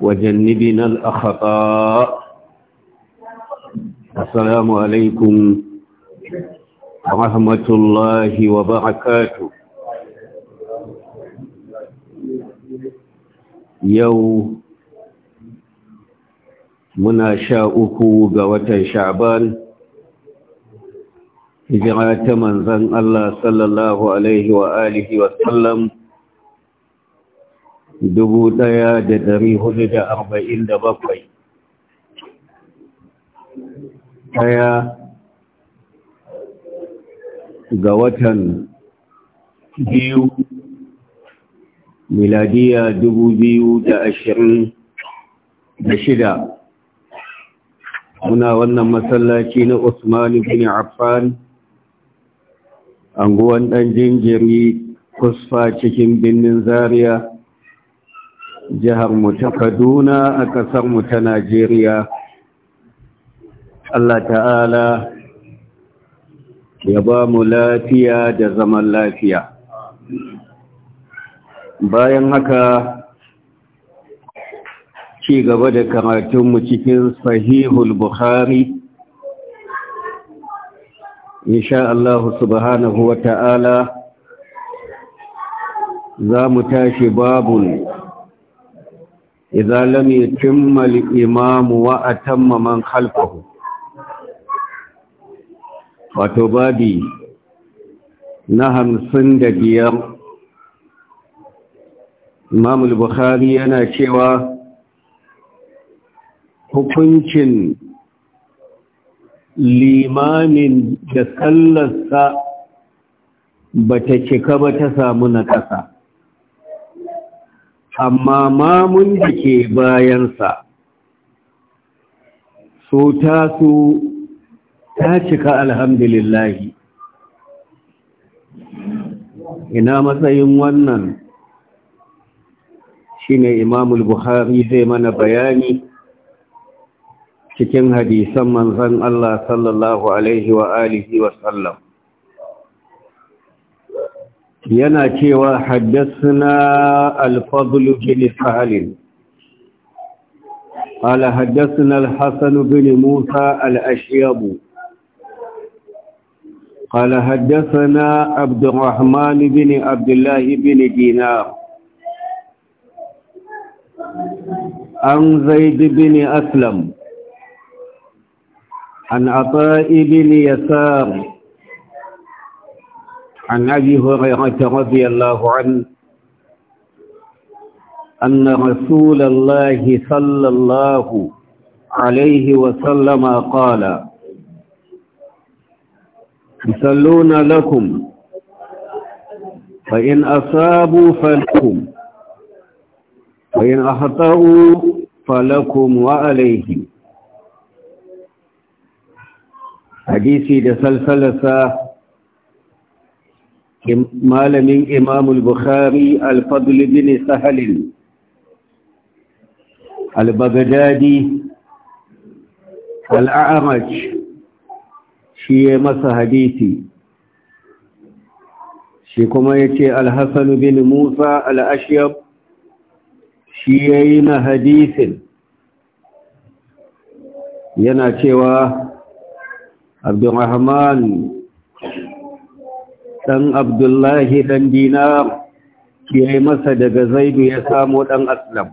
وجنبنا الأخطاء السلام عليكم ورحمة الله وبركاته يوم منا شاؤك قوة شعبان هجرات من ذن الله صلى الله عليه وآله وسلم dubu ɗaya da ɗari hudu da arba'in da bakwai ɗaya ga watan biyu miladiya dubu biyu da ashirin da shida muna wannan masallaci na Usman bin Affan anguwan ɗan jinjiri kusfa cikin birnin Zaria jihar mu ta Kaduna a ƙasar mu ta Najeriya Allah ta'ala ya ba mu lafiya da zaman lafiya bayan haka ci gaba da karatunmu cikin sahihul bukhari insha Allah subhanahu wa ta'ala za mu tashi babul إذا لم يتم الإمام وأتم من خلفه وتبادي نهم صندق بيام إمام البخاري أنا شوى hukuncin لإمام da sallarsa ba سامنة cika amma mamun da ke bayansa so taso ta cika alhamdulillahi ina matsayin wannan shine imamul buhari zai mana bayani cikin hadisan manzan Allah sallallahu alaihi wa alihi yana cewa haddasa al-fadlu bin fahalin ala haddasa al-hassanu bin musa al-ashiyabu قال حدثنا عبد الرحمن بن عبد الله بن دينار عن زيد بن أسلم عن عطاء بن يسار عن أبي هريرة رضي الله عنه أن رسول الله صلى الله عليه وسلم قال يصلون لكم فإن أصابوا فلكم وإن أخطأوا فلكم وعليهم حديثي لسلسلة malamin imamul bukhari alfadul bin sahalin al-baghdadi al-a'raj shi ya masa hadisi shi kuma ya ce alhassan bin musa al'ashiyar shi ya yi na hadisin yana cewa abdurrahman ɗan abdullahi ɗan dinar ya masa daga zaidu ya samo ɗan aslam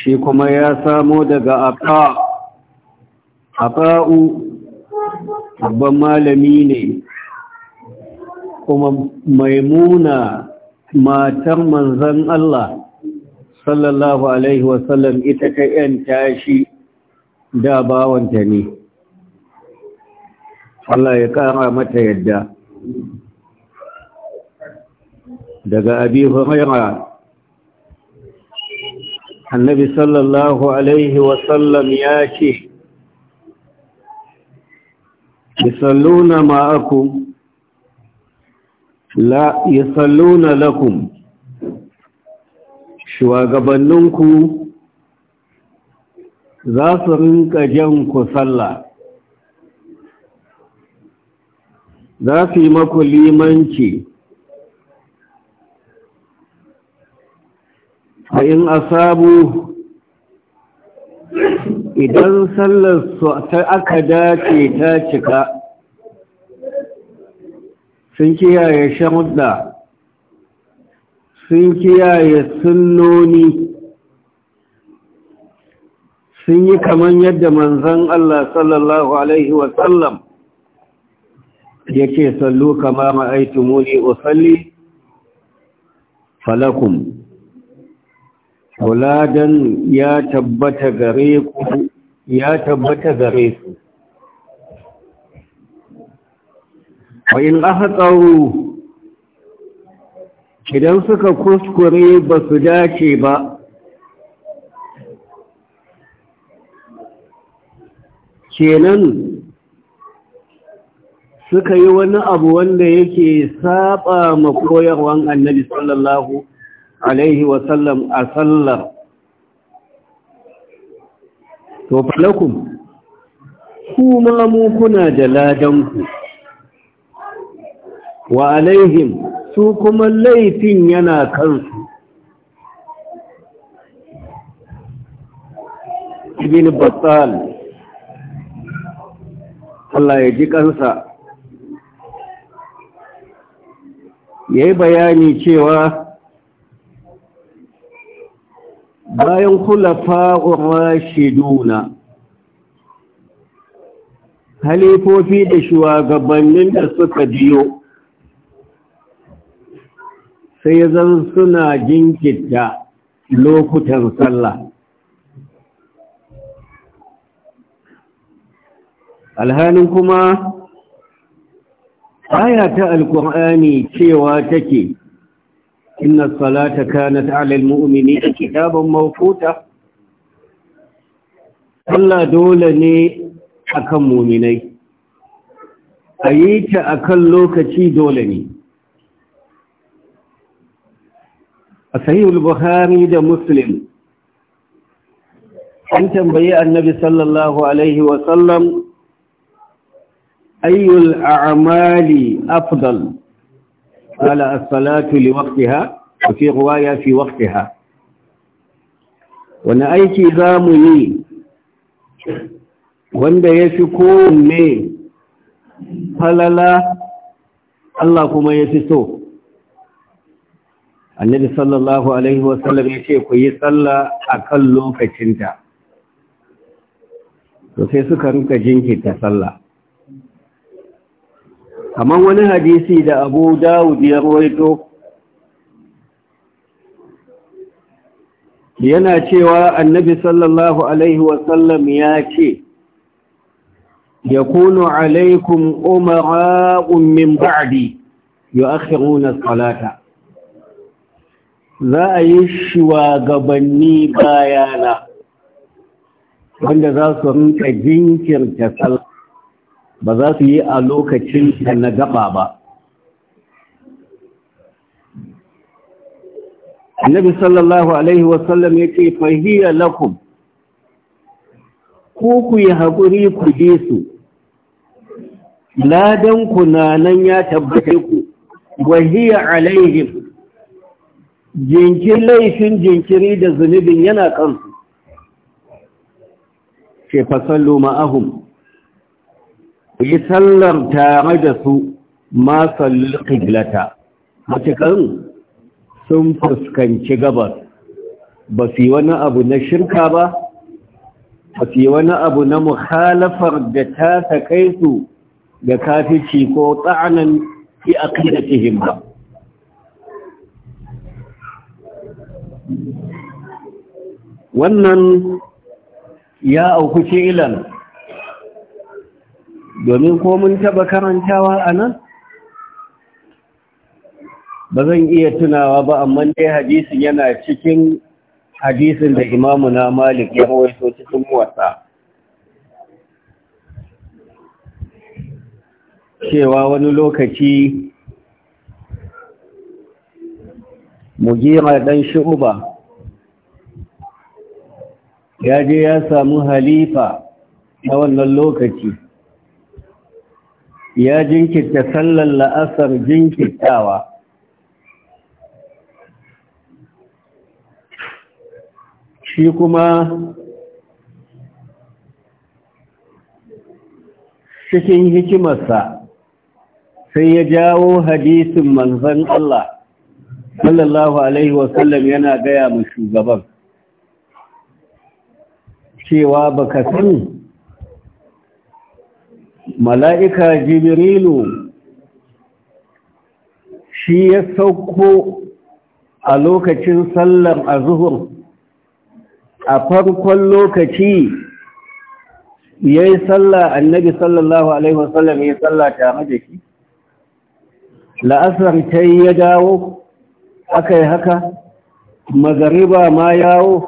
shi kuma ya samo daga aqa aqa'u babban malami ne kuma maimuna matar manzan Allah sallallahu alaihi wasallam ita ta 'yan tashi, da bawanta ne Allah ya ƙara mata yadda daga abi huraira annabi sallallahu alaihi wa sallam, ya ce yusalluna ma'akum la yusalluna lakum shugabanninku za su rinka jan ku sallah za su yi maku limanci a yin asabu idan sallarsu ta aka dace ta cika sun kiyaye shamuɗa sun kiyaye sunnoni sun yi kaman yadda manzan Allah sallallahu Alaihi wasallam Yake ce sallu kama ra'aitu muni usalli falakum waladan ya tabbata gare ku ya tabbata gare su wa in idan suka kuskure ba su dace ba kenan suka yi wani abu wanda yake saba ma koyarwan annabi sallallahu alaihi wasallam a sallar to falakum kuma mu kuna da ladanku wa alaihim su kuma laifin yana kansu ibn battal Allah ya ji kansa ya yi bayani cewa bayan kulafa'un rashiduna halifofi da shugabannin da suka biyo sai zan suna jinkita lokutan sallah alhalin kuma aya ta alkur'ani cewa take inna salata kanat alal mu'mini kitaban mawquta Allah dole ne akan mu'minai ayi ta akan lokaci dole ne a sahihul bukhari da muslim an tambayi annabi sallallahu alaihi wa sallam أي الأعمال أفضل قال الصلاة لوقتها وفي رواية في وقتها wani aiki za mu yi wanda ya fi kowanne falala Allah kuma ya fi so annabi sallallahu alaihi wasallam ya ce ku yi tsalla a kan lokacinta to sai suka rika jinkita sallah? kamar wani hadisi da abu dawud ya roito yana cewa annabi sallallahu alaihi wasallam ya ce يكون عليكم أمراء من ake يؤخرون salata za a yi shugabanni bayana wanda za su rinka jinkirta sallah ba za su yi a lokacin da na gaba ba annabi sallallahu alaihi wasallam ya ce fahiyya lakum ko ku yi haƙuri ku je su ladan kunanan na nan ya tabbata ku wahiyya alaihim jinkin laifin jinkiri da zunubin yana kansu ke fasallu ma'ahum ku yi sallar tare da su ma sallil matakan sun fuskanci gabas ba su yi wani abu na shirka ba ba su yi wani abu na muhalafar da ta sakai su da kafici ko tsa'anan fi cihin ba wannan ya auku ilan. domin ko mun taba karantawa a nan ba zan iya tunawa ba amma dai hadisin yana cikin hadisin da imamu na malik ya so cikin wasa cewa wani lokaci mugira dan shu'uba ya je ya samu halifa na wannan lokaci ya jinkirta sallar la'asar jinkirtawa shi kuma cikin hikimarsa sai ya jawo hadisin manzan Allah sallallahu Alaihi wasallam yana gaya mu shugaban cewa baka sani mala'ika jibrilu shi ya sauko a lokacin sallar azuhur a farkon lokaci ya yi sallah annabi sallallahu alaihi wasallam ya sallah tare da shi la'asar ta yi ya dawo aka yi haka magariba ma yawo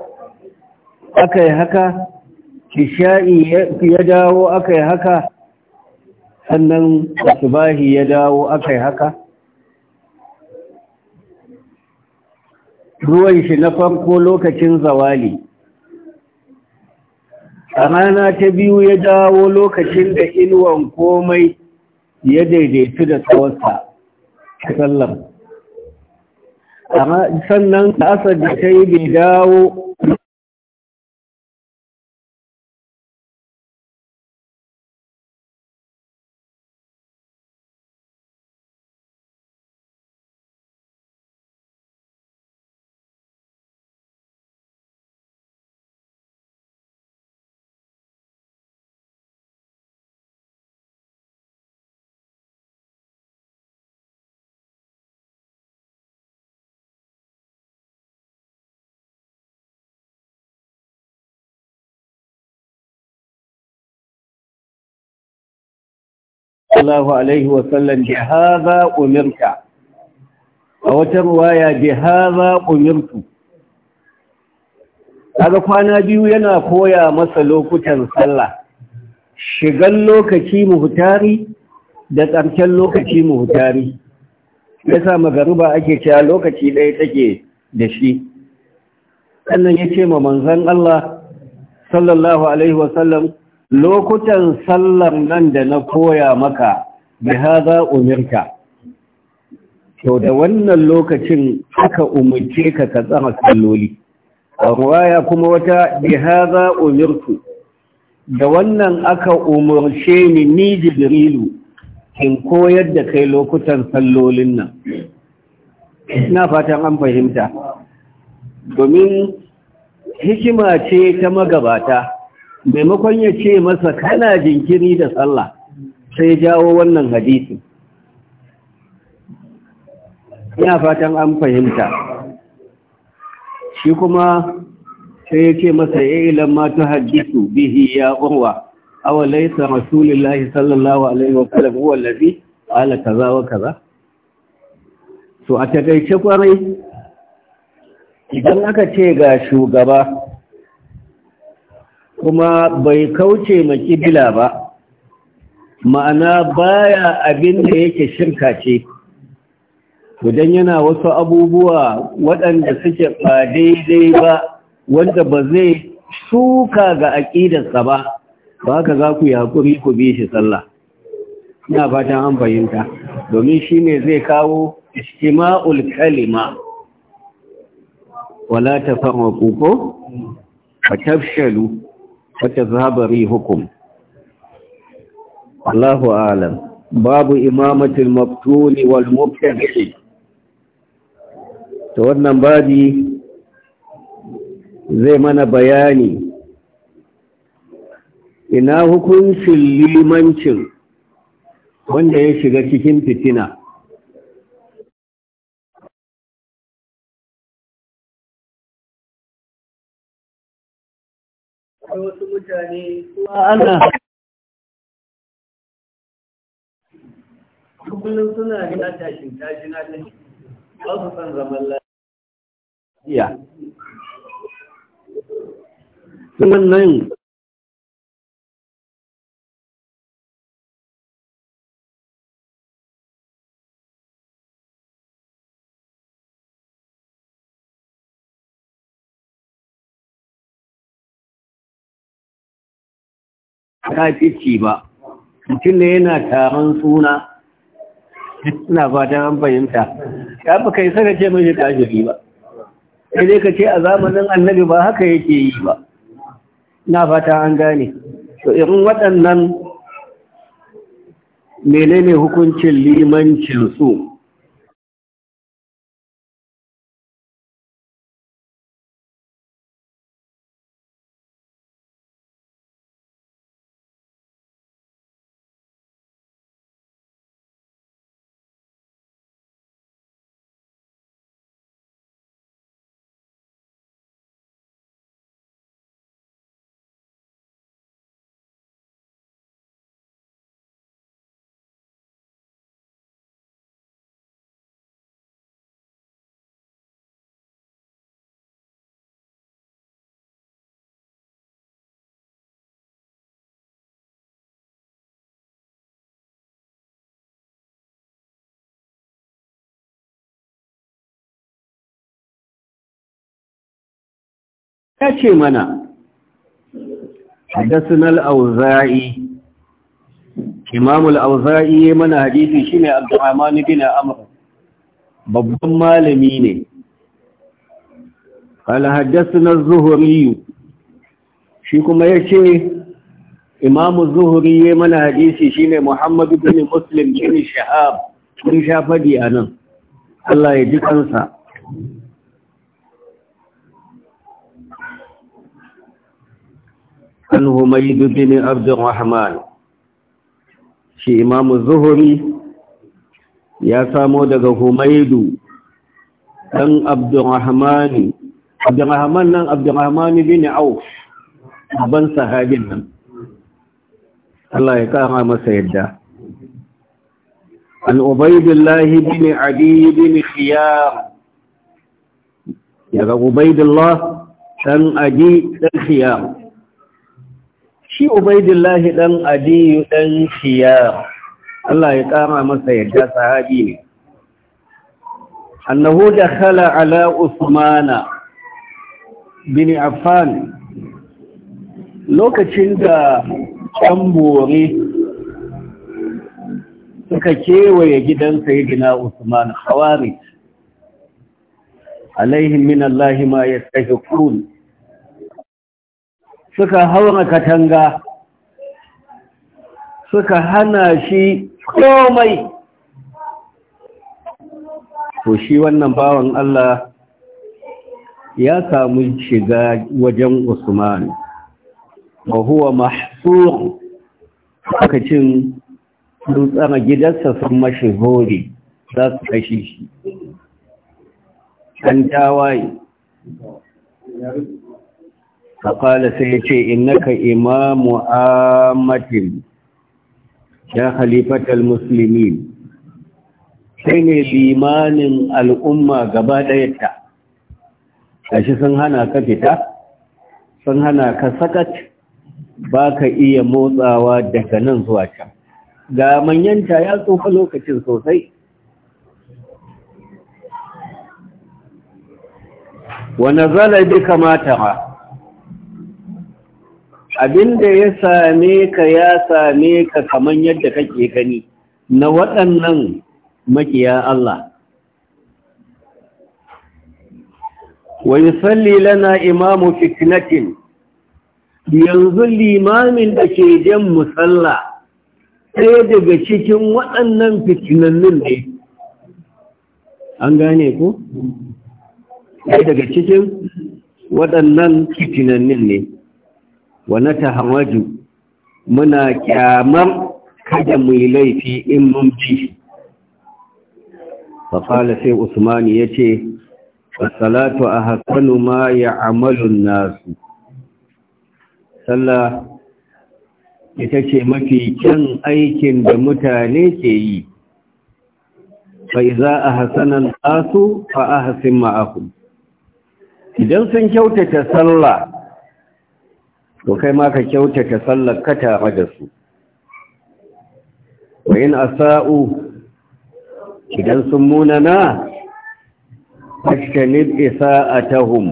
aka yi haka kisha'i ya dawo aka yi haka sannan asubahi ya dawo akai haka ruwan shi na farko lokacin zawali a rana ta biyu ya dawo lokacin da inuwan komai ya daidaitu da tsawarsa sallam sannan asar da ta yi bai dawo الله عليه وسلم بهذا أمرك بهذا أمرك kaga kwana biyu yana koya masa lokutan sallah shigan lokaci muhtari da ƙarshen lokaci yasa magariba ake cewa lokaci ɗaya take da shi sannan ma manzon Allah sallallahu alaihi lokutan sallar nan da na koya maka bi haza umirka to da wannan lokacin aka umarce ka ka tsara salloli a ruwaya kuma wata bi haza umirku da wannan aka umarce ni ni jibrilu in koyar da kai lokutan sallolin nan ina fatan an fahimta domin hikima ce ta magabata maimakon ya ce masa kana jinkiri da sallah sai jawo wannan hadisi ina fatan an fahimta shi kuma sai ya ce masa ya ilan ma ta hadisu bihi ya urwa a laisa rasulullahi sallallahu alaihi wa sallam wa lafi ala kaza wa kaza to a takaice kwarai idan aka ce ga shugaba kuma bai kauce ma kibila ba ma'ana baya abin da yake shirka ce idan yana wasu abubuwa waɗanda suke ba daidai ba wanda ba zai shuka ga aƙidarsa ba ba haka za ku yi haƙuri ku bi shi sallah ina fatan an fahimta domin shi ne zai kawo istima'ul kalima wala ta fama kuko a tafshalu wata zabari hukum Allahu babu imamatul maftuli wal mubtadi to wannan babi zai mana bayani ina hukuncin limancin wanda ya shiga cikin fitina mutane kullum suna da tashin tashin na tashi ba su san zaman lafiya nan kafici ba mutum ne yana taron suna suna fata an fahimta ya fi kai sana ce mai kafiri ba sai dai ka ce a zamanin annabi ba haka yake yi ba na fata an gane to irin waɗannan menene hukuncin limancin su ya ce mana haddasun al’auza’i imamul auza’i ya mana hadisi shi ne al’amani dina amurka babban malami ne al’haddasun al’zuhuriyu shi kuma ya ce imamul zuhuri ya mana hadisi shi ne muhammadu dini muslim shi ne shahab shi shafadi a nan Allah ya ji kansa an humaydu bin abdurrahman shi imam zuhuri ya samo daga humaydu dan abdurrahman abdurrahman nan abdurrahman bin auf ban sahabin nan Allah ya kama masa yadda an ubaydullah bin adi bin khiyar ya ga dan adi dan khiyar shi ubaidillahi dan adiyu dan shiya Allah ya kama masa ya ja sahabi ne annahu dakhala ala usmana bin affan lokacin da ɗan suka kewaye gidan gina usman hawari alaihim min allahi ma yastahiqun suka haura katanga suka hana shi komai to shi wannan bawan Allah ya samu shiga wajen Usman wa huwa mahsur cin dutsara gidansa sun mashi hori za su kashe shi an tawaye faƙala sai ya ce innaka imamu amatin ya halifatar musulmi sai ne limanin al'umma gaba ɗayata gashi sun hana ka fita sun hana ka sakat ba ka iya motsawa daga nan zuwa can ga manyanta ya tsofa lokacin sosai wane zalabi kamata ba abinda ya same ka ya same ka kaman yadda kake gani na waɗannan makiya Allah wa yusalli lana imamu fitnatin yanzu limamin da ke jan musalla sai daga cikin waɗannan fitnannin ne an gane ku? sai daga cikin waɗannan fitnannin ne wa na muna kyamar kada mu yi laifi in mun bi faƙala sai usman ya ce salatu a hasanu ma ya amalun nasu sallah ita ce mafi kyan aikin da mutane ke yi fa'iza a hasanan asu fa a hasin idan sun kyautata sallah to kai ma ka kyautata sallar ka tare da su wa in asa'u idan sun munana ta isa'atahum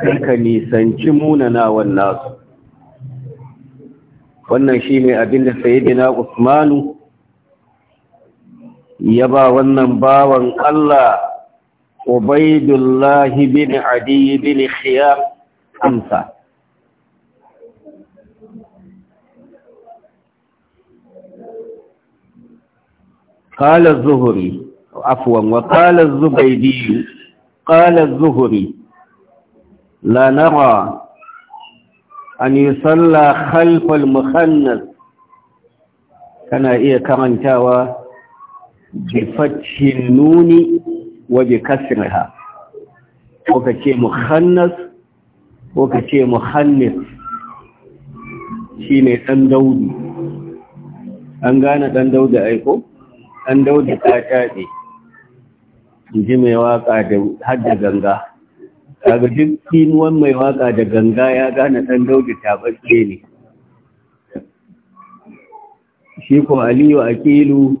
kai ka nisanci wannan su. wannan shi ne abinda sayidina usmanu ya ba wannan bawan Allah ubaidullahi bin adi bin khiyar amsa قال الزهري عفوا وقال الزبيدي قال الزهري لا نرى أن يصلى خلف المخنث كان إيه كرنتاوى بفتح النون وبكسرها وكتي مخنث وكتي مخنث شيني أن دودي أن كان أن دودي أيكم ɗan dauda ta shaɗe ji mai waka da hadda ganga daga duk kinuwan mai waka da ganga ya gane ɗan dauda ta ɓace ne shi ko aliyu akilu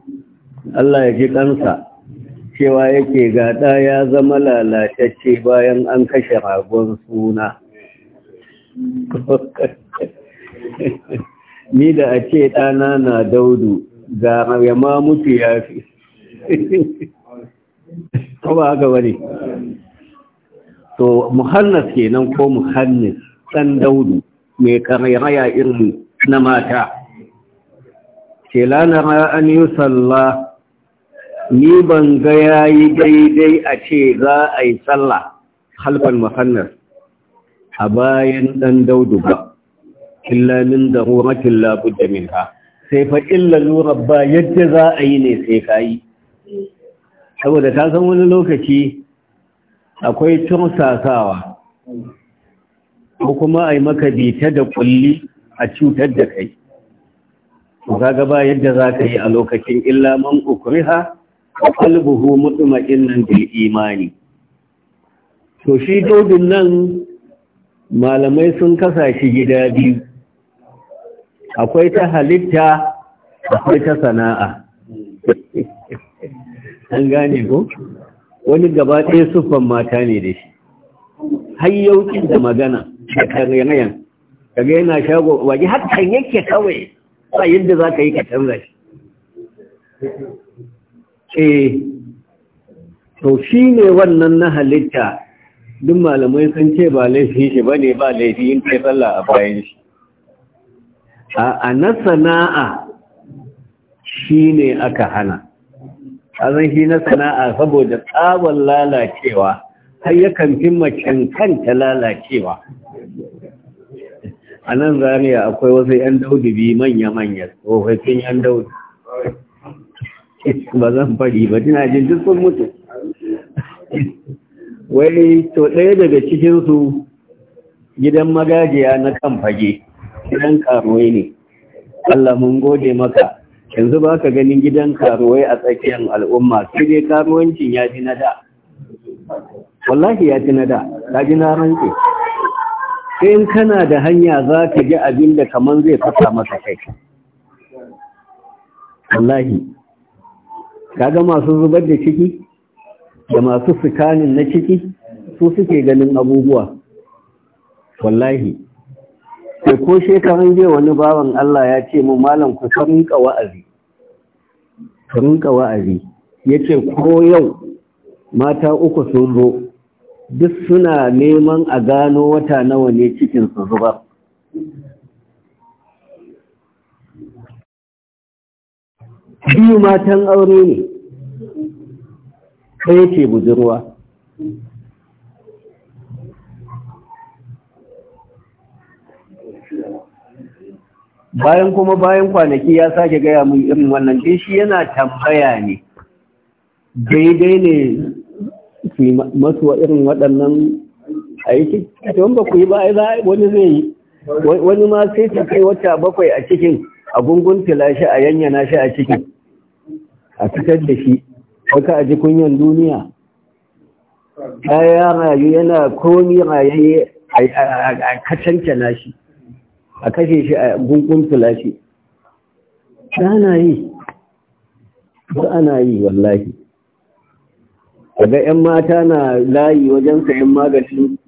allah ya ji kansa cewa yake gada ya zama lalatacce bayan an kashe ragon suna ni da a ce ɗana na daudu gara ya ma mutu ya fi kuma haka wani to muhannas kenan ko muhannas ɗan daudu mai karairaya irin na mata ke lanarar an yi sallah ni ban ga ya yi daidai a ce za a yi sallah halfan muhannas a bayan ɗan daudu ba illa min da ruratun labudda min ha sai fa illa lura ba yadda za a yi ne sai ka yi saboda ta san wani lokaci akwai tursasawa ko kuma a yi maka bita da kulli a cutar da kai kaga ba yadda za ka yi a lokacin illa man ukriha kalbuhu qalbuhu innan bil imani to shi daudin nan malamai sun kasa shi gida biyu akwai ta halitta akwai ta sana'a an gane ko wani gaba ɗaya siffan mata ne da shi hayyauki da magana da karyanayan kaga yana shago waje hakan yake kawai ba yadda za ka yi ka canza shi eh, to shi ne wannan na halitta duk malamai sun ce ba laifi shi ba ne ba laifi yin kai tsalla a bayan shi a na sana'a shi ne aka hana azan shi na sana'a saboda tsawon lalacewa har yakan fi macen kanta lalacewa a nan zariya akwai wasu 'yan daudi biyu manya-manya tsofaffin 'yan daudi ba zan fari ba tana jin duk sun mutu wai to ɗaya daga cikinsu gidan magajiya na kan fage gidan karuwai ne Allah mun gode maka yanzu ba ka ganin gidan karuwai a tsakiyar al'umma sai dai karuwancin ya ji na wallahi ya ji na ta ji na ranke. sai in kana da hanya za ka ji abin da kamar zai fasa masa kai wallahi ka ga masu zubar da ciki da masu sukanin na ciki su suke ganin abubuwa wallahi sai ko shekarun je wani bawan Allah ya ce mu malam ku rinka wa'azi ku rinka wa'azi yace ko yau mata uku sun zo duk suna neman a gano wata nawa ne cikin su zuba. biyu matan aure ne kai ce budurwa bayan kuma bayan kwanaki ya sake gaya mun irin wannan dai shi yana tambaya ne daidai ne su masu irin waɗannan aiki don ba ku yi ba wani zai yi wani ma sai ta kai wata bakwai a cikin a gungun tilashi a yanyana shi a cikin a fitar da shi wata a ji kunyan duniya ya rayu yana komi rayayye a kacancana shi a kashe shi a gungun tulashi Ta ana yi da ana yi wallahi daga 'yan mata na layi wajen sayan maganin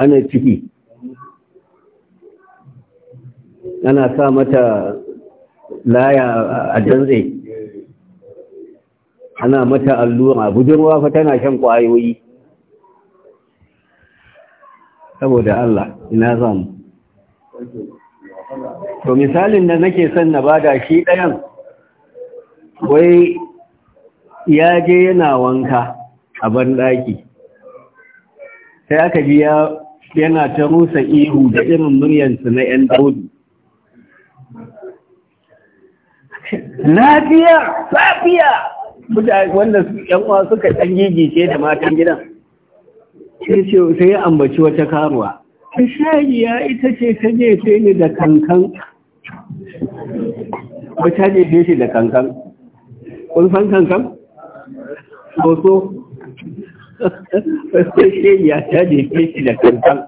ana ciki ana sa mata laya a dantse ana mata allura budurwa fa tana shan kwayoyi saboda Allah ina zamu to misalin da nake son na bada shi ɗayan wai ya je yana wanka a banɗaki sai aka biya yana ta rusa ihu da irin muryansu na 'yan daudu lafiya safiya wanda yan uwa suka ɗan gigice da matan gidan sai ya ambaci wata karuwa ta shayi ita ce ta je ni da kankan ba ta jefe shi da kankan kun san kankan? soso sai shi ya ta jefe shi da kankan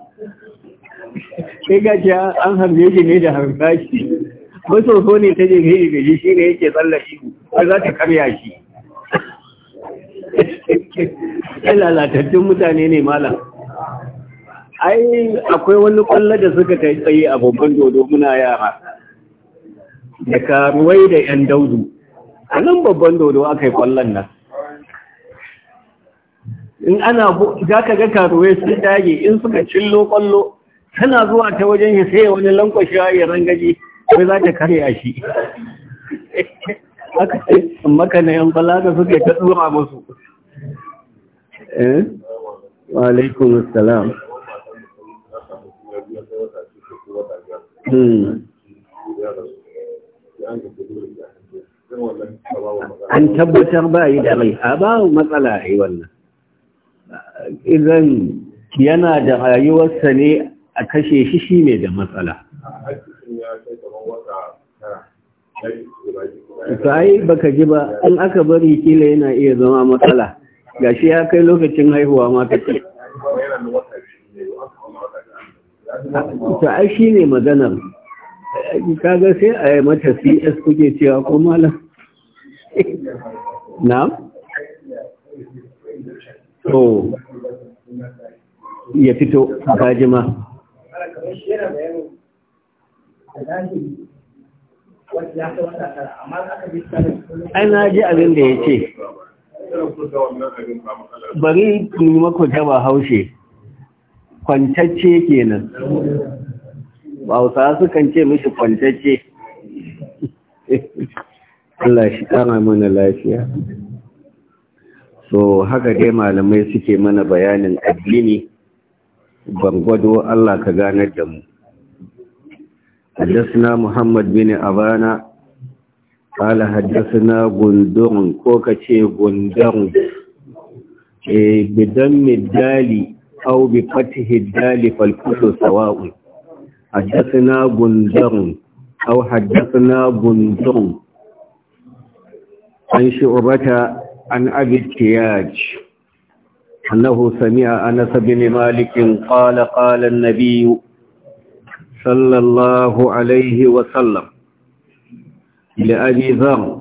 sai gaji an harbe shi ne da harfashi ba soso ne ta jefe shi gaji shi ne yake tsallashi ba za ta karya shi ya lalatattun mutane ne malam ai akwai wani kwallo da suka ta tsaye a babban dodo muna yara da karuwai da 'yan daudu a nan babban dodo aka yi kwallon nan in ana za ka ga karuwai sun dage in suka cillo kwallo tana zuwa ta wajen shi sai wani lankwashewa ya rangaji wai za ta karya shi aka ce maka na yan da suke ta tsura musu eh wa alaikum assalam hmm an tabbatar ba yi da rai a ba matsala a yi wannan idan yana da rayuwarsa ne a kashe shi shi ne da matsala sai baka ji ba an aka bari kila yana iya zama matsala Ga shi ya kai lokacin haihuwa ma ce ta ai ne maganar kaga sai a yi mata cs kuke cewa ko malam na? to ya fito a gajima ai na ji abin da ya ce bari ni mako jaba haushe kwantacce kenan bauta sukan ce mishi kwantacce Allah shi kama mana lafiya so haka dai malamai suke mana bayanin addini gwado Allah ka gane da mu haddasa Muhammad bin Abana قال ce غندر كوكاشي eh, bidan بدم الدال او بفتح الدال فالكل سواء حدثنا جندر أو حدثنا جندر عن شعبة عن أبي التياج أنه سمع أنس بن مالك قال قال النبي صلى الله عليه وسلم لأبي ذر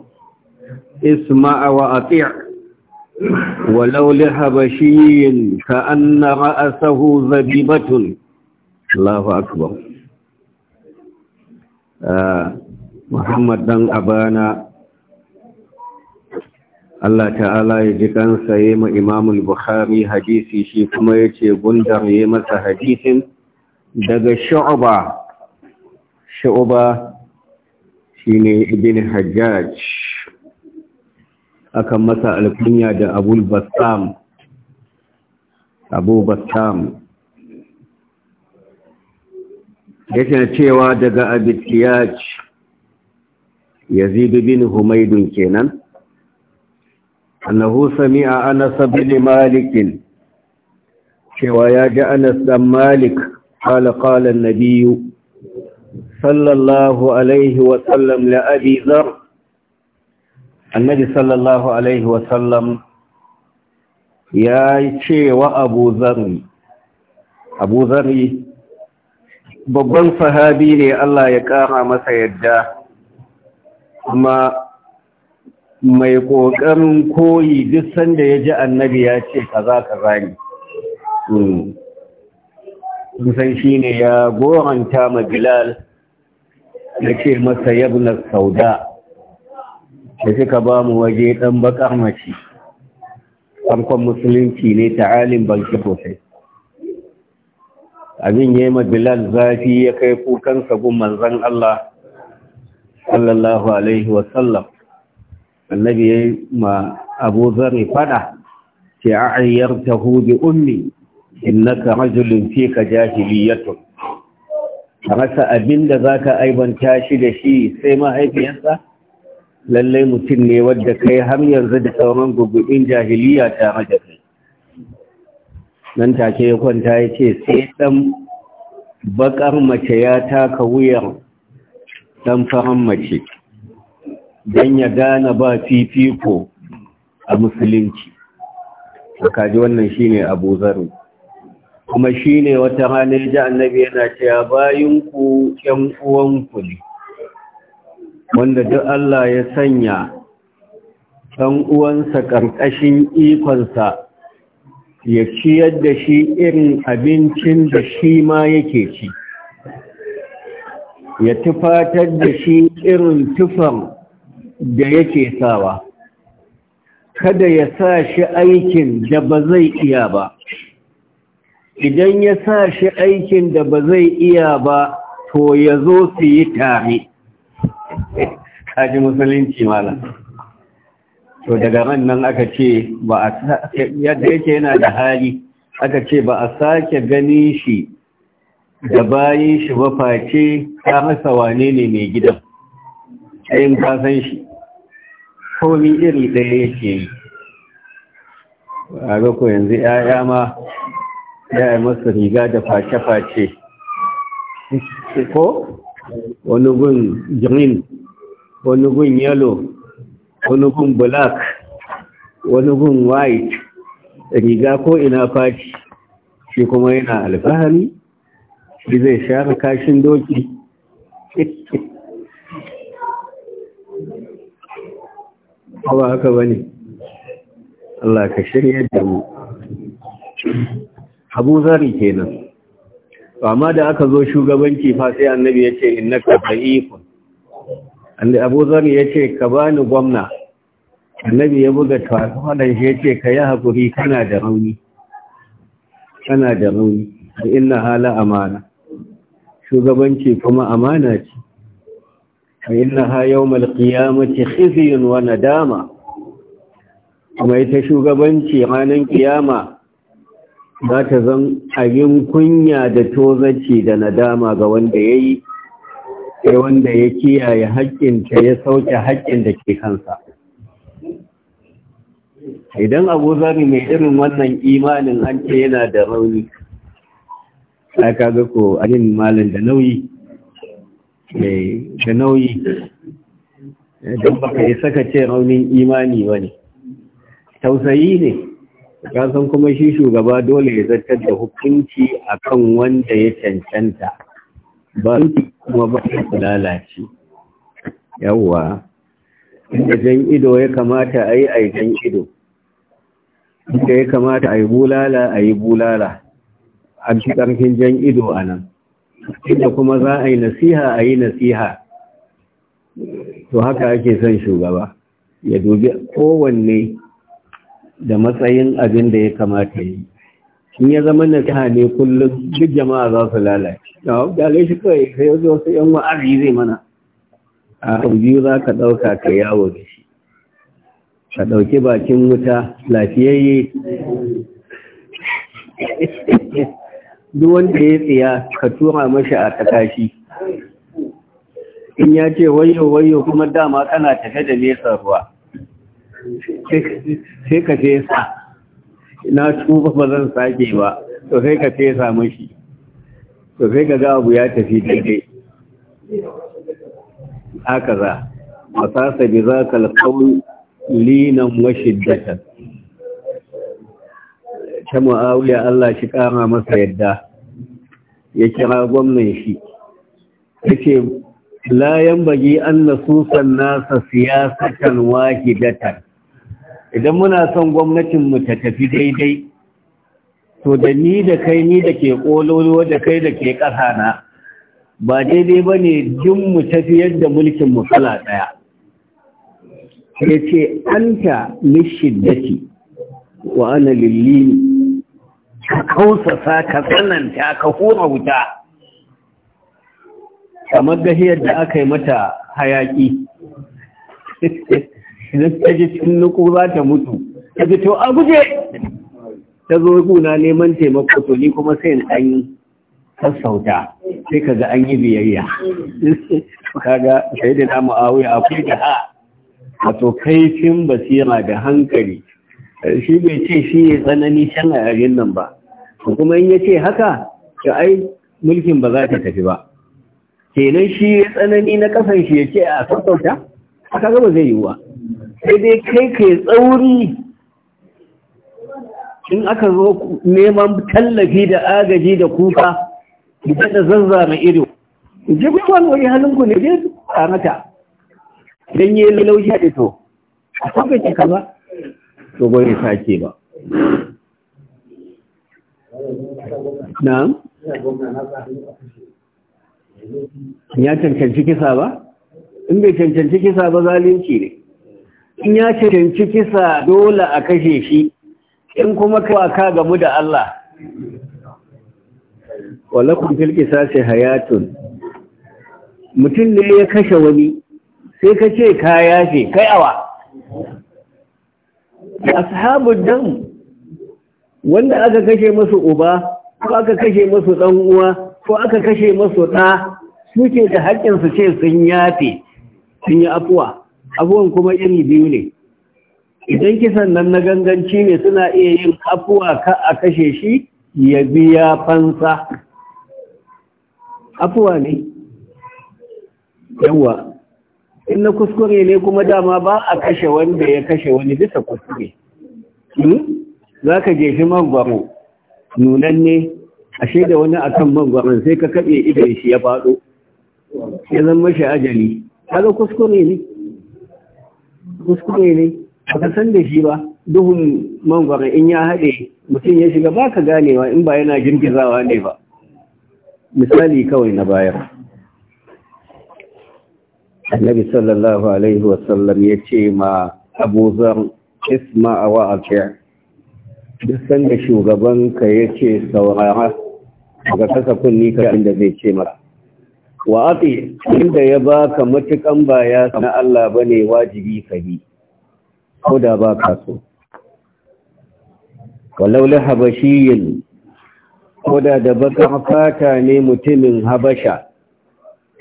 اسمع وأطيع ولو لحبشي كأن رأسه زبيبة الله أكبر Ah, Muhammad dan Abana Allah ta'ala ya ji kansa ya ma imamul Bukhari hadisi shi kuma ya ce gundar ya masa hadisin daga sha'uba sha'uba shi ne ibn hajjaj akan masa alkunya da abul bassam abu bassam yake cewa daga abitiyaj yazid bin humaydun kenan annahu sami'a anas bin malik cewa ya ji anas dan malik qala qala an-nabiy sallallahu alaihi wa sallam la abi dhar annabi sallallahu alaihi wa sallam ya ce wa abu dhar abu dhar babban sahabi ne Allah ya ƙara masa yadda kuma mai ƙoƙarin koyi duk sanda ya ji annabi ya ce kaza kaza ne hmm. san shi ne ya goranta ma bilal ya ce masa yabna sauda da suka ba mu waje ɗan bakar mace farkon musulunci ne ta ta'alin banki sosai abin ya ma bilal zafi ya kai kukansa gun manzan Allah sallallahu alaihi wasallam annabi ya ma abu zari fada ce a ta hudu ummi innaka rajulun ka jahiliyatun a rasa abin da za ka aibanta shi da shi sai mahaifiyarsa lallai mutum ne wadda kai har yanzu da sauran gugu'in jahiliya tare da nan take ya kwanta ya ce sai ɗan baƙar mace ya taka wuyar ɗan faran mace don ya gane ba fifiko a musulunci kaji wannan shine abu zaru kuma shine wata rana ya ji annabi yana cewa ku ƴan uwanku ne wanda duk Allah ya sanya ɗan uwansa ƙarƙashin ikonsa ya ciyar da shi irin abincin da shi ma yake ci ya tufatar da shi irin tufan da yake sawa kada ya sa shi aikin da ba zai iya ba idan ya sa shi aikin da ba zai iya ba to ya zo su yi tare kaji musulunci malam to daga ran nan aka ce ba a yadda yake yana da hali aka ce ba a sake gani shi da bayan shi ba face ta masa wane ne mai gidan ayin kasan shi komi iri ɗaya yake yi a ga ko yanzu 'ya'ya ma ya yi masa riga da face-face ko wani gun green wani gun yellow wani gun black wani gun white riga ko ina fashi, shi kuma yana alfahari shi zai share kashin doki ba haka ba ne Allah ka shirya da mu abu zari kenan amma da aka zo shugabanci fa sai annabi ya ce ka da'ifun Andi Abu Zar ya ce ka bani gwamna annabi ya buga tawadan shi ya ce ka yi hakuri kana da rauni kana da rauni da inna hala amana shugabanci kuma amana ce fa inna ha yawmal qiyamati khizyun wa nadama kuma ita shugabanci ranar kiyama za ta zan abin kunya da tozaci da nadama ga wanda ya yi sai wanda ya kiyaye haƙƙinta ya sauke haƙƙin da ke kansa idan abu zari mai irin wannan imanin an ce yana da rauni ta kaga ko anin malin da nauyi eh, da nauyi don baka isa ka ce raunin imani ba ne tausayi ne kasan kuma shi shugaba dole ya zartar da hukunci kan wanda ya cancanta ba kuma ba su lalace yawwa inda jan ido ya kamata a yi a jan ido inda ya kamata a yi bulala a yi bulala a fi ƙarfin jan ido a nan inda kuma za a yi nasiha a yi nasiha to haka ake son shugaba ya dubi kowanne da matsayin abin da ya kamata yi in ya zama na ta ne kullum duk jama'a za su lalace da gale shi kawai sai zo wasu yan wa'azi zai mana a biyu za ka ɗauka ka yawo da shi ka ɗauki bakin wuta lafiyayye duk wanda ya tsiya ka tura mashi a takashi in ya ce wayo wayo kuma dama kana tafe da nesa ruwa sai ka ce sa na tuba ba zan sake ba to sai ka fesa mashi to sai ka ga abu ya tafi daidai haka za masasa bi za ka alƙawun linan washiddatan ta Allah shi ƙara masa yadda ya kira gwamnan shi ya ce layan bagi an nasusan nasa siyasatan wahidatan idan muna son gwamnatinmu ta tafi daidai to da ni da kai ni da ke ƙololuwa da kai da ke ƙasa na ba daidai ba ne jin mu tafi yadda mulkinmu kala ɗaya ya ce an ta mishiddati wa ana lillini ka kausasa ka tsananta ka hura wuta kamar gahiyar da aka yi mata hayaƙi idan ta ji cinnuku za ta mutu ta ji to a guje ta zo guna neman taimako to ni kuma sai an yi sassauta sai ka ga an yi biyayya kaga sai da namu awuya akwai da ha wato kaifin basira da hankali shi bai ce shi ya tsanani can a nan ba kuma in ya ce haka to ai mulkin ba za ta tafi ba kenan shi ya tsanani na kasan shi ya ce a sassauta aka gaba zai yiwuwa sai dai kai ka yi tsauri in aka zo neman tallafi da agaji da kuka daɗa da zazzara ido je kuma wani halin ku ne je a mata don yi lalaushi a to a sauƙaƙe ka ba to bai sake ba na ya cancanci kisa ba in bai cancanci kisa ba zalunci ne in ya cancanci kisa dole a kashe shi in kuma kawa ka gamu da Allah walakun fil ce hayatun mutum ne ya kashe wani sai ka ce ka yafe kai awa ashabu dam wanda aka kashe masu uba ko aka kashe masu dan uwa ko aka kashe masu ɗa suke da haƙƙinsu ce sun yafe sun yi afuwa abuwan kuma iri biyu ne idan kisan nan na ganganci ne suna iya yin afuwa ka a kashe shi ya biya fansa afuwa ne yawa in na kuskure ne kuma dama ba a kashe wanda ya kashe wani bisa kuskure hmm? za ka je shi mangwaro nunanne ashe da wani a kan mangwaron sai ka kaɓe idan shi ya faɗo ya zama shi ajali kada kuskure ne kuskure ne ka san da shi ba duhun mangwaro in ya haɗe mutum ya shiga ba ka ganewa in ba yana girgizawa ne ba misali kawai na bayar annabi sallallahu alaihi wasallam ya ce ma abuzar isma a wa'afiya duk shugaban shugabanka ya ce saurara daga kasa kunni ka inda zai ce mara wa inda ya baka matukan baya na Allah bane wajibi ka bi ko da baka so walau habashiyin ko da da baka fata ne mutumin habasha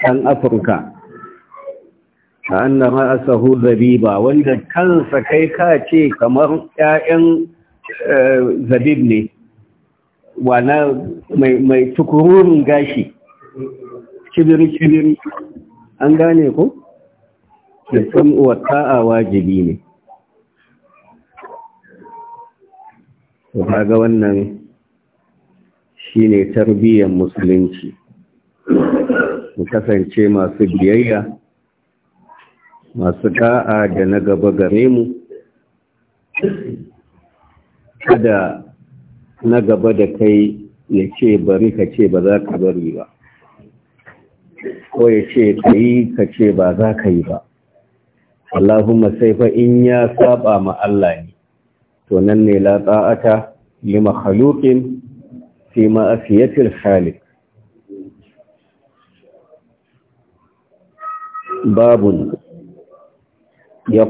ɗan afirka ta annan ra'asahu zabiba wanda kansa kai ka ce kamar 'ya'yan eh, zabib ne na mai tukururin gashi kibiri an gane ku? da sam'uwa ta'a wajibi ne ga wannan shi ne tarbiyyar musulunci mu kasance masu biyayya masu ta'a da na gaba gare mu kada na gaba da kai ya ce bari ka ce ba za ka bari ba ko ya ce ka yi ka ce ba za ka yi ba Allahumma sai fa in ya saba ma Allah ne to nan ne la ta'ata li makhluqin fi ma'asiyatil khaliq babun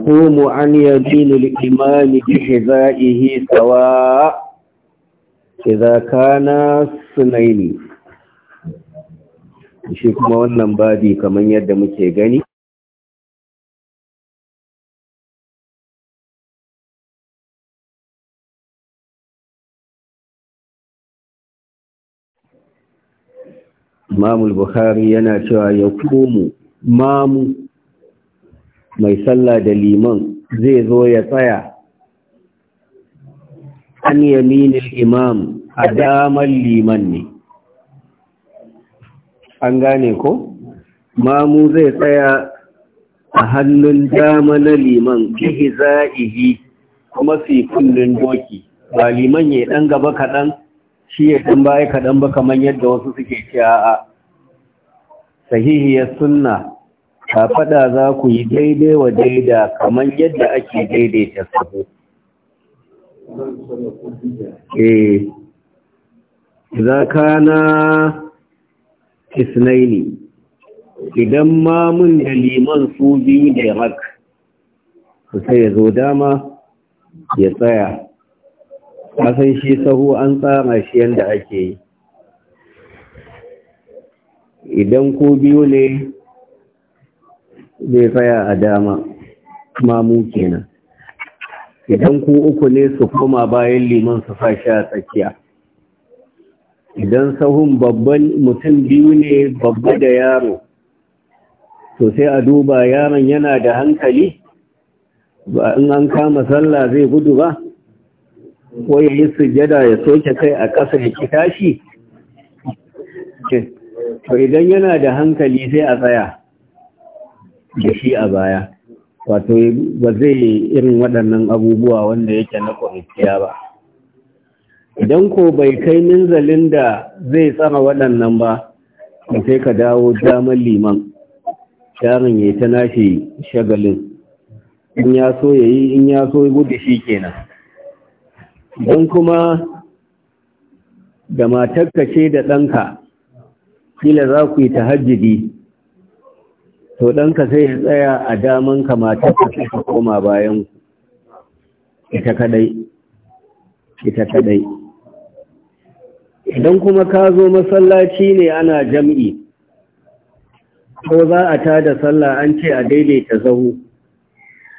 komo an yadinu al-imam bi hizaihi sawa idza sunaini shi kuma wannan babi kamar yadda muke gani Imam Bukhari yana cewa ya komo mamu mai sallah da liman zai zo ya tsaya an yaminil imam a damar liman ne an gane ko mamu zai tsaya a hannun dama na liman bihi za'ihi kuma fi kullun doki ba liman ya dan gaba kaɗan shi ya dan baya kaɗan ba kaman yadda wasu suke cewa a sahihiyar sunna ka faɗa za ku yi daidai wa daida kaman yadda ake daidai ta sabo eh za isnaini idan mamun da liman su biyu ne rak sai zo dama ya tsaya kasan shi sahu an tsara shi yadda ake yi idan ko biyu ne zai tsaya a dama mamu kenan idan ku uku ne su koma bayan liman su fashi a tsakiya idan sahun babban mutum biyu ne babba da yaro to sai a duba yaron yana da hankali ba in an kama sallah zai gudu ba ko ya yi sujada ya soke kai a ƙasa ya ki tashi to idan yana da hankali sai a tsaya da shi a baya wato ba zai irin waɗannan abubuwa wanda yake na ƙwarfiya ba idan ko bai kai minzalin da zai tsara waɗannan ba sai ka dawo damar liman sharin ya ta nashi shagalin in ya so ya yi in ya so ya gudu shi kenan don kuma da matarka ce da ɗanka kila za ku yi ta hajjidi to ɗanka sai ya tsaya a daman ka sai ka koma bayan ita kadai ita kadai idan kuma ka zo masallaci ne ana jam'i ko za a ta da sallah an ce a daidaita zahu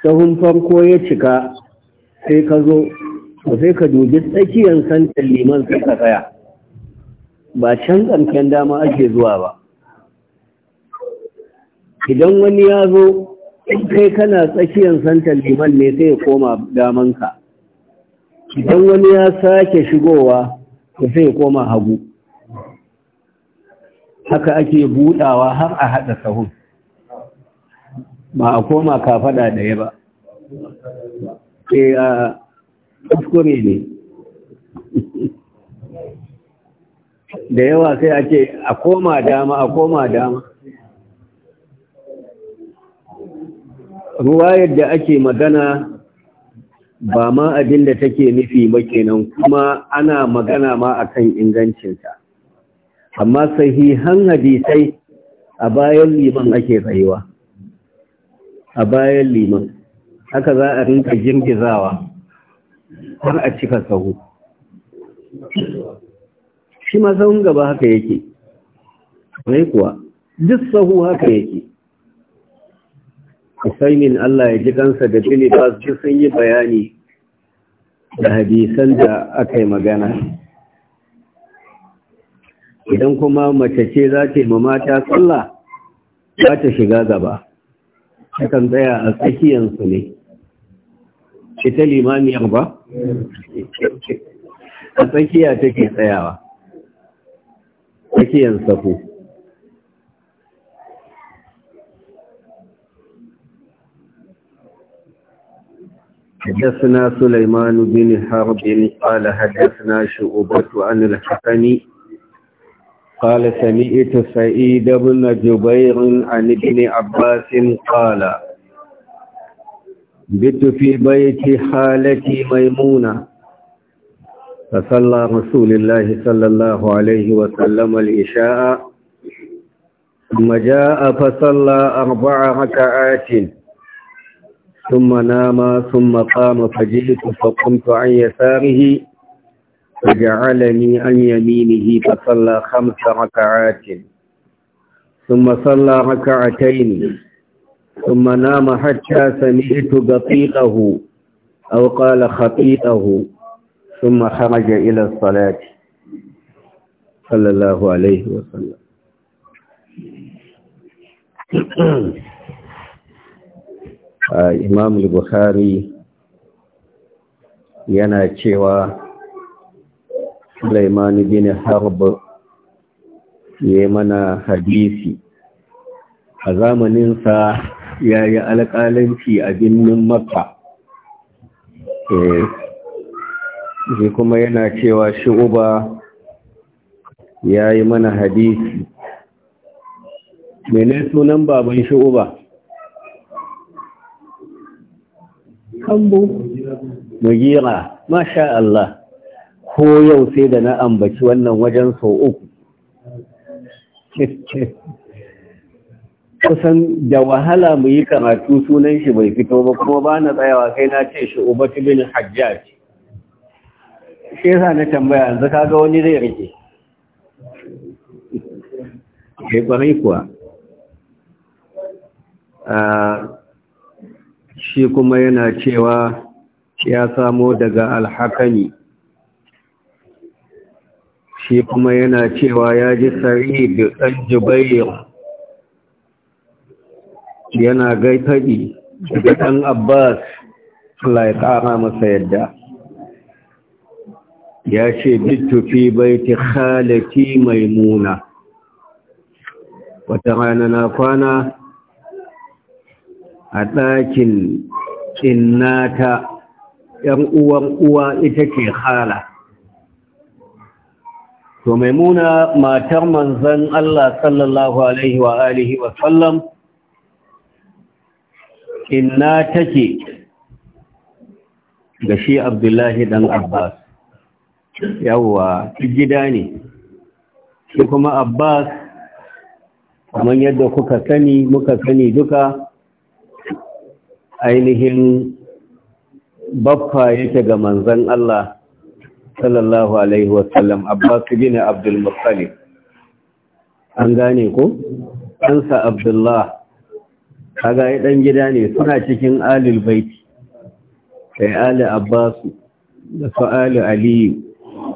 sahun farko ya cika sai ka zo ko sai ka dubi tsakiyar santan liman sai ka tsaya ba can ƙamfen dama ake zuwa ba idan wani ya zo kai kana tsakiyar santan liman ne sai ya koma damanka idan wani ya sake shigowa to sai ya koma hagu haka ake budawa har a hada sahun ba a koma kafada daya ba sai eh, a kuskure ne da yawa sai a a koma dama a koma dama ruwa yadda ake magana ba ma abin da take nufi ba kenan kuma ana magana ma akan ingancinta amma sahihan hadisai a bayan liman ake tsayuwa a bayan liman haka za a rinka girgizawa har a cika sahu shi ma sahun gaba haka yake mai kuwa duk sahu haka yake Hussainin Allah ya ji kansa da Billy sun yi bayani da hadisan da aka yi magana. Idan kuma mace ce za ta mata sallah ba ta shiga gaba, takan tsaya a tsakiyansu ne. ta limaniyar ba? A tsakiya take tsayawa, tsakiyan safu. حدثنا سليمان بن حرب قال حدثنا شعوبة عن الحكم قال سمعت سعيد بن جبير عن ابن عباس قال بت في بيت خالتي ميمونة فصلى رسول الله صلى الله عليه وسلم الإشاء ثم جاء فصلى أربع ركعات ثم نام ثم قام فجئت فقمت عن يساره فجعلني عن يمينه فصلى خمس ركعات ثم صلى ركعتين ثم نام حتى سمعت بطيقه أو قال خطيئه ثم خرج إلى الصلاة صلى الله عليه وسلم imam bukhari yana cewa Sulaiman bin Harb ya mana hadisi a zamanin sa yayi alƙalanci a birnin Makka shi kuma yana cewa Shu'uba ya yi mana hadisi Menene sunan baban Shu'uba? kambo mugira masha Allah ko yau sai da na ambaci wannan wajen sau uku kusan da wahala mu yi karatu sunan shi bai fito ba kuma ba na tsayawa kai na ce shi uba bin hajjaj shi yasa na tambaya yanzu kaga wani zai rike kai eh, kwarai kuwa ah, shi kuma yana cewa ya samo daga alhakami shi kuma yana cewa ya ji da ɗan jubayyar yana gaitaɗi da ɗan abbas Allah ƙara masa yadda ya ce bitu fi baiti mai maimuna wata rana na kwana a ɗakin innata ‘yan uwan uwa ita ke hala. To maimuna matar manzan Allah sallallahu Alaihi wa alihi wa sallam inna take ga shi Abdullahi ɗan Abbas. Yawwa, gida ne, shi kuma Abbas, kamar yadda kuka sani, muka sani duka, ainihin baffa yake ga manzan Allah sallallahu alaihi wasallam Abbas bin Abdul Muttalib an gane ko ɗansa Abdullah kaga ya dan gida ne suna cikin alil baiti sai ali Abbas da su ali Ali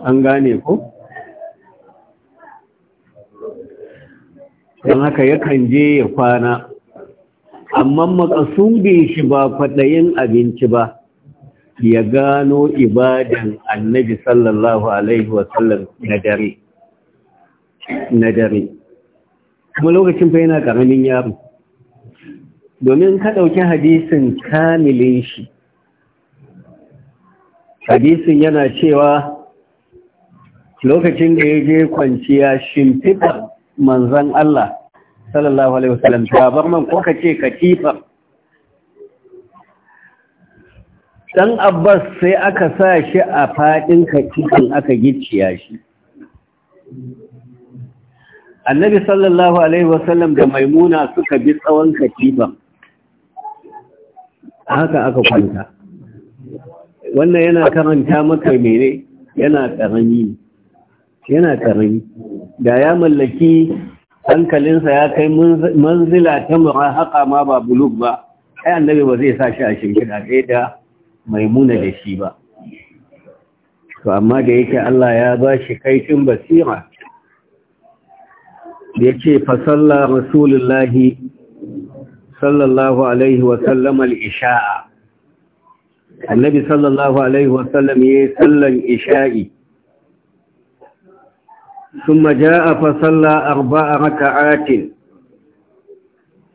an gane ko don haka yakan je ya kwana amma makasudi shi ba kwaɗayin abinci ba ya gano ibadan annabi sallallahu alaihi wasallam na dare na dare kuma lokacin fa yana ƙaramin yaro domin ka ɗauki hadisin kamilin shi hadisin yana cewa lokacin da ya je kwanciya shimfiɗa manzan Allah sallallahu alaihi wasallam tabarman ko ka ce katifa dan abbas sai aka sa shi a fadin katifin aka giciya shi annabi sallallahu alaihi wasallam da maimuna suka bi tsawon katifan haka aka kwanta wannan yana karanta maka mene yana karami yana karami da ya mallaki hankalinsa ya kai manzila ta haka ma ba buluk ba ai annabi ba zai sa shi a shimfiɗa ɗaya da maimuna da shi ba to amma da yake Allah ya ba shi kaifin basira ya ce fasalla rasulullahi sallallahu alaihi wasallam al-isha'a annabi sallallahu alaihi wasallam ya yi sallan isha'i ثم جاء فصلى أربع ركعات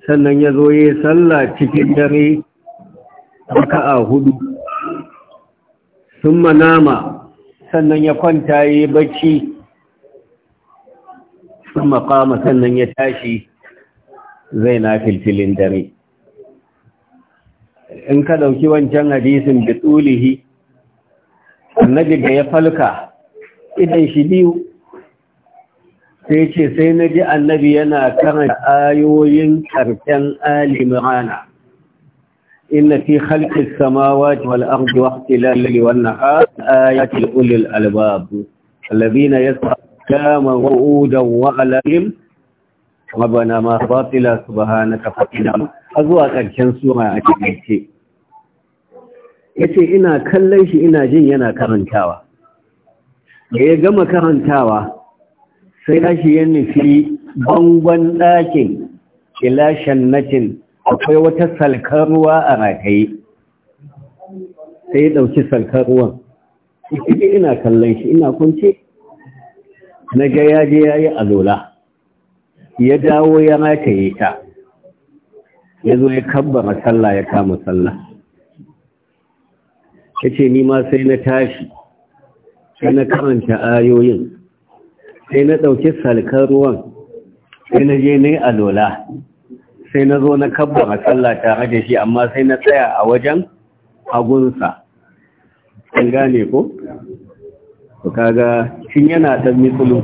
sannan ya zo ya salla cikin dare raka'a hudu sun manama sannan ya kwanta ya bacci sun makama sannan ya tashi zai na filfilin dare in ka ɗauki wancan hadisin da tsulihi annabi da ya falka idan shi biyu sai ce sai na ji annabi yana karanta ayoyin karshen alimana inna fi khalqis samawati wal ardi wa ikhtilali wan nahar ayatul ulil albab alladhina yasqama wa'udan wa alim rabbana ma batila subhanaka faqina azwa karshen sura a cikin ce yace ina kallon shi ina jin yana karantawa da ya gama karantawa sai shi ya nufi bangon ɗakin ila nacin akwai wata salkar ruwa a rataye sai ya ɗauki salkar ruwan ikiki ina kallon shi ina kunce na ga ya ya yi alola ya dawo ya rataye ta ya zo ya kabbara sallah ya kama sallah ya ce nima sai na tashi sai na karanta ayoyin sai na ɗauki salkar ruwan sai na je ne a lola sai na zo na kabba matsala tare da shi amma sai na tsaya a wajen hagunsa an gane ko? kaga shi yana ɗan mitsulu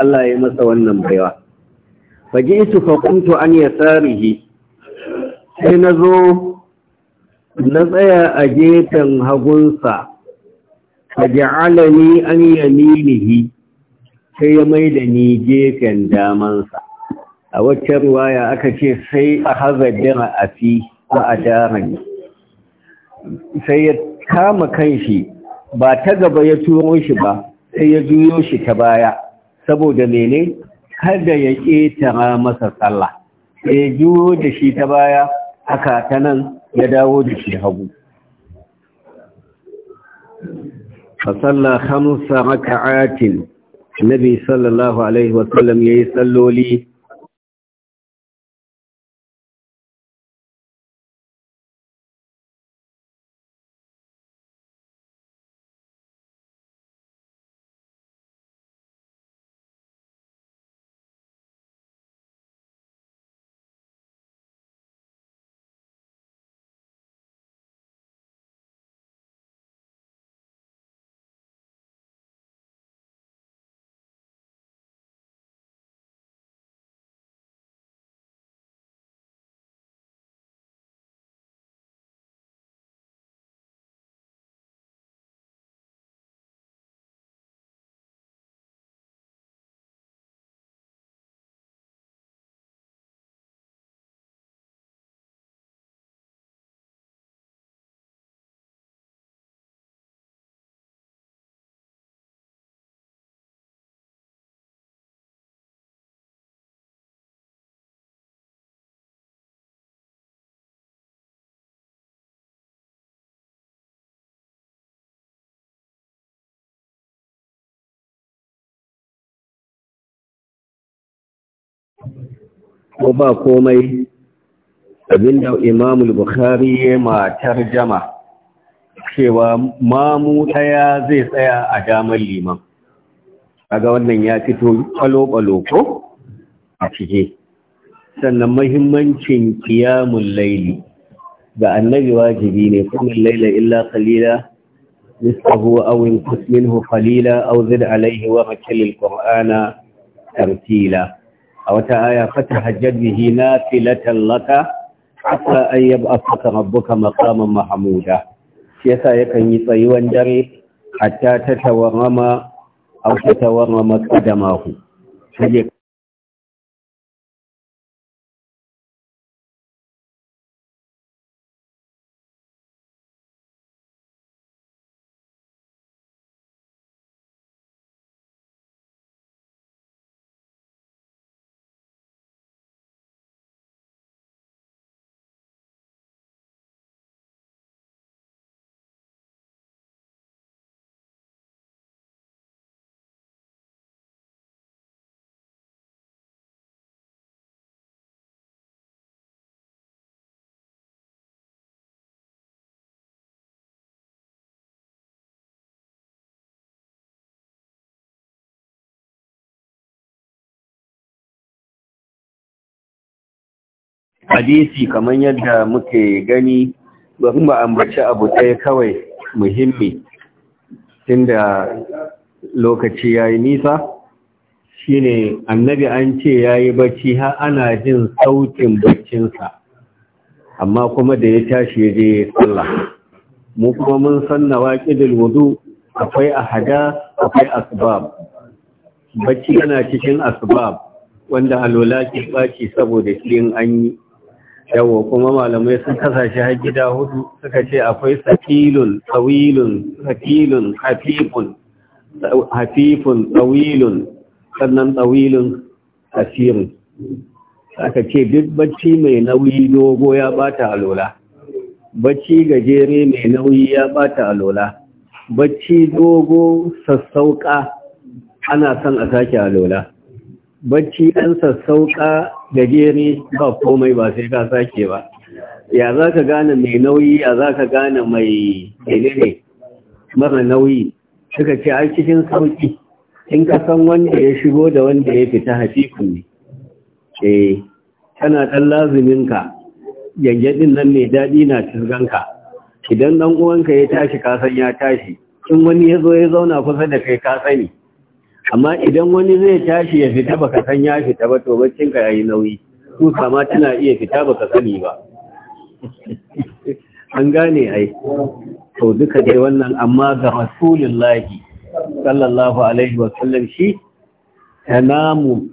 Allah ya masa wannan baiwa faji isu faƙuntu an ya tsarihi sai na zo na tsaya a gefen hagunsa faji alani an aminihi. sai ya mai da ni gefen damansa a wacce ruwaya aka ce sai a hazardin a fi ko a darani sai ya kama kan shi ba ta gaba ya turo shi ba sai ya juyo shi ta baya saboda mene kada ya ƙetara masa tsalla sai ya juyo da shi ta baya haka ta nan ya dawo da shi hagu فصلى خمس ركعات النبي صلى الله عليه وسلم يسلو لي ko ba komai abinda imamul bukhari ya matar jama cewa mamu ɗaya zai tsaya a damar liman kaga wannan ya fito kwalo-kwalo ko a cike sannan mahimmancin kiyamun laili ga annabi wajibi ne kuma laila illa qalila nisfahu aw inqus minhu qalila aw zid alayhi wa Al-Qur'ana, tartila a wata aya fata hajjar bihi na filatan laka haka an yi ba a rabbuka makaman mahamuda shi yasa yakan yi tsayuwan dare hatta ta tawarrama a wata tawarrama kadamahu hadisi kamar yadda muke gani ba mu ambaci abu ɗaya kawai muhimmi tunda lokaci ya yi nisa shine annabi an ce ya yi bacci har ana jin sautin baccinsa amma kuma da ya tashi ya je sallah mu kuma mun san nawaqidul wudu akwai ahada akwai asbab bacci yana cikin asbab wanda alola ke baci saboda shi an yi yawo kuma malamai sun kasashe har gida hudu suka ce akwai sakilun tsawilun sakilun hafifun hafifun tsawilun sannan tsawilun asirin aka ce duk bacci mai nauyi dogo ya bata alola bacci gajere mai nauyi ya bata alola bacci dogo sassauka ana son a sake alola bacci ɗan sassauƙa gajere ba komai ba sai ka sake ba ya za ka gane mai nauyi ya za ka gane mai ne mara nauyi suka ce a cikin sauƙi in ka san wanda ya shigo da wanda ya fita hafifu ne eh kana ɗan lazuminka gyangyaɗin nan mai daɗi na ka idan ɗan uwanka ya tashi kasan ya tashi in wani ya zo ya zauna kusa da kai ka sani amma idan wani zai tashi ya fita baka san ya fita ba to ka yayi nauyi su kama tana iya fita baka sani ba an gane ai to duka dai wannan amma ga rasulullahi sallallahu alaihi wa sallam shi tanamu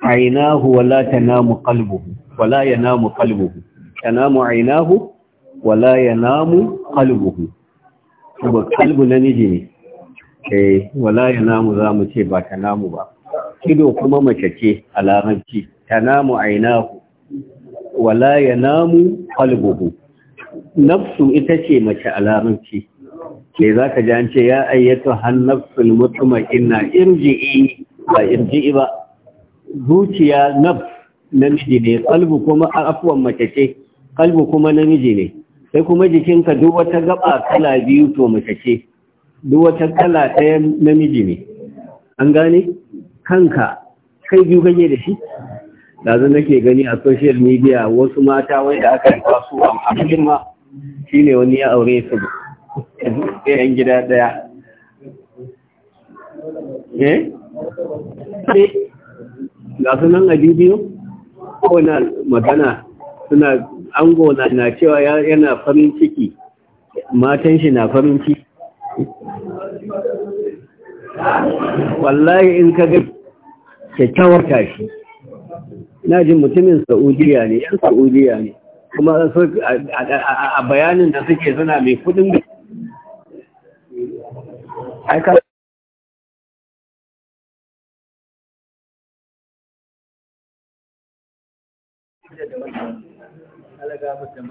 ainahu wala tanamu qalbuhu wala yanamu qalbuhu tanamu ainahu wala yanamu qalbuhu to qalbu namiji ne eh wala namu za mu ce ba ta namu ba kido kuma mace ce a a ina ainahu wala namu qalbuhu nafsu ita ce mace a laranci. ke za ka ji an ce ya ayyatu hannafsul mutma'inna irji'i ba irji'i ba zuciya na namiji ne kalbu kuma a afuwan mace ce kalbu kuma namiji ne sai kuma jikinka duk wata gaba kala biyu to mace ce duk wata kala ɗaya namiji ne an gane kanka kai biyu kake da shi ɗazu nake gani a social media wasu mata wai da aka yi su a ma shi ne wani ya aure su ɗayan gida ɗaya eh? eh ga su nan a bidiyo kowane magana suna angona na cewa yana farin ciki matan shi na farin ciki wallahi in ka ga kyakkyawar tashi na jin mutumin sa'udiya ne yan sa'udiya ne kuma a bayanin da suke suna mai kudin da aika mutum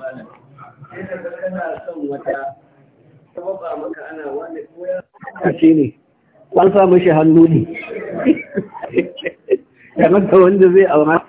Ina kana son wata ta ana wani ne an sa mashi hannu ne wanda zai aura